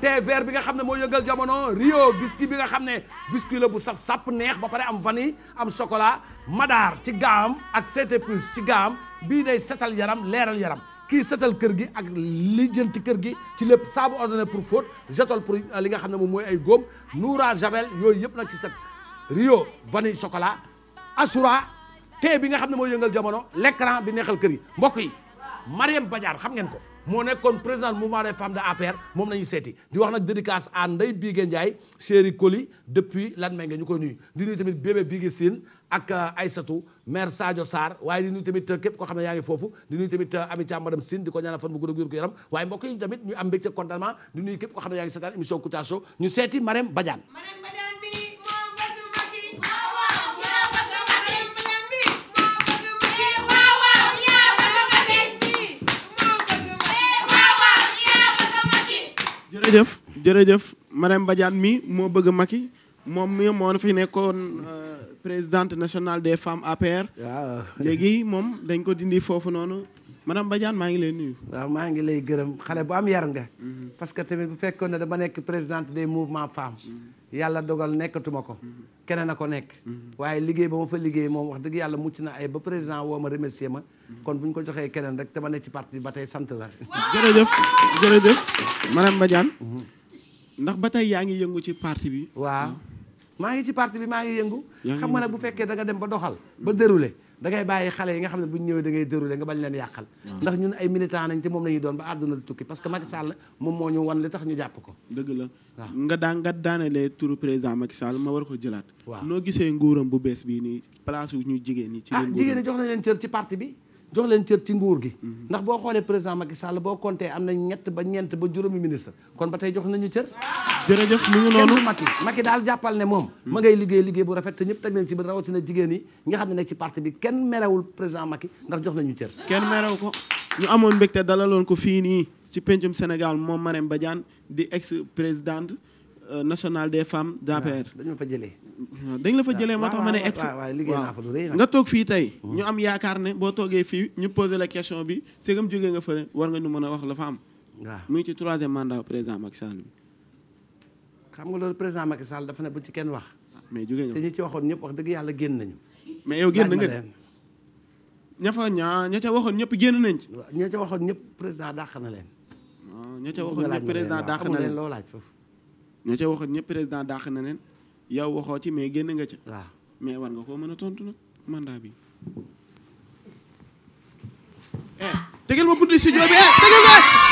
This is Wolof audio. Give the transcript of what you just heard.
thé vert bi nga xam ne moo yëngal jamono Rio biscuit bi nga xam ne biscuit la bu saf sàpp neex ba pare am vani am chocolat Madaar ci gaam ak CT plus ci gaam bii day setal yaram leeral yaram kii setal kër gi ak lijjanti kër gi ci lépp saabu ordonné pour fóot jetol pour li nga xam ne moom mooy ay góom Noura Javel yooyu yëpp nag ci set Rio vanille chocolat Assura thé bi nga xam ne moo yëngal jamono l'écran bi neexal kër yi mbokk yi. Mariam Badiane xam ngeen ko moo nekkoon président mouvement des femmes de APR moom la ñuy seeti di wax na dédicace à Ndeye Bigué Ndiaye chéri Koli depuis lan may nga ñu koy nuyu di nuyu tamit bébé Bigué Sine ak euh, Aïssatou maire Sadio Sarr waaye di nuyu tamit euh, képp koo xam ne yaa ngi foofu di nuyu tamit euh, Amitia madame Sine di ko ñaanal fan bu gudd ak wér gu yaram waaye mbokk tamit ñu am mbégte contentement di nuyu képp koo xam ne yaa ngi seetaan émission Kouthia jërëjëf jërëjëf Marème Badiane mi moo bëgg Macky moom mi moo fi nekkoon euh, présidente nationale des femmes APR ah. léegi moom dañ ko dindi foofu noonu madame Badiane maa ngi lay nuyu. waaw maa ngi lay gërëm xale bu am yar nga. parce que tamit bu fekkoon ne dama nekk présidente des mouvements femmes. yàlla dogal nekkatuma ko. keneen na ko nekk. waaye liggéey ba ma fa liggéey moom wax dëgg yàlla mucc na ay ba président woo ma remercier ma. kon bu ñu ko joxee keneen rek te dama nekk ci parti ba tey sant la. jërëjëf jërëjëf madame Badiane. ndax ba tey yaa ngi yëngu ci parti bi. waaw. maa ngi ci parti bi maa ngi yëngu xam nga nag bu fekkee da nga dem ba doxal ba déroulé da bàyyi xale yi nga xam ne bu ñu ñëwee dangay ngay déroulé nga bañ leen yàqal ndax ñun ay militant nañ te moom la ñuy doon ba àdduna di tukki parce que Macky Sall moom moo ñu wan li tax ñu jàpp ko dëgg la waaw nga daan nga daanelee turu président Macky Sall ma war ko jëlaat waaw noo gisee nguuram bu bees bii nii place wu ñu jigéen ñi ci ah jigéen ñi jox na leen cër ci parti bi jox leen cër ci nguur gi ndax boo xoolee président Macky Sall boo compté am na ñett ba ñeent ba juróomi ministre kon ba tey jox nañu cër jërëjëf mu ngi noonu Macky Macky daal jàppal ne moom ma ngay liggéey liggéey bu rafet ñëpp teg nañ ci ba rawatina jigéen yi nga xam ne nekk ci parti bi kenn merewul président Macky ndax jox nañu cër kenn merew ko ñu amoon mbégte dalaloon ko fii nii ci pencum Sénégal moom Marème Badiane di ex présidente Euh, national des femmes d'APR. Ah, dañ la fa jëlee. Ah, dañ la fa jëlee moo tax ma ne. waaw waaw liggéey naa fa lu rëy nga toog fii tey. ñu am yaakaar ne boo toogee fii ñu posé la question bi segam jógee nga fële war nga nu mën a wax la fa am. mu ngi ci troisième mandat président Macky Sall bi. xam nga loolu président Macky Sall dafa ne bu ci kenn wax. Ah, mais jógee nga te waxoon ñëpp wax dëgg yàlla génn nañu. mais yow génn nga ña fa ñaa ña ca waxoon ñëpp génn nañ ci. ña ca waxoon ñëpp président dàq na leen. ña ca waxoon ñëpp président na leen loo laaj foofu ña ca waxoon ñëpp président dàq na leen yow waxoo ci mais génn nga ca. waaw mais war nga koo mën a tontu nag mandat bi. Eh, tegal ma buntu studio bi eh, tegal ma.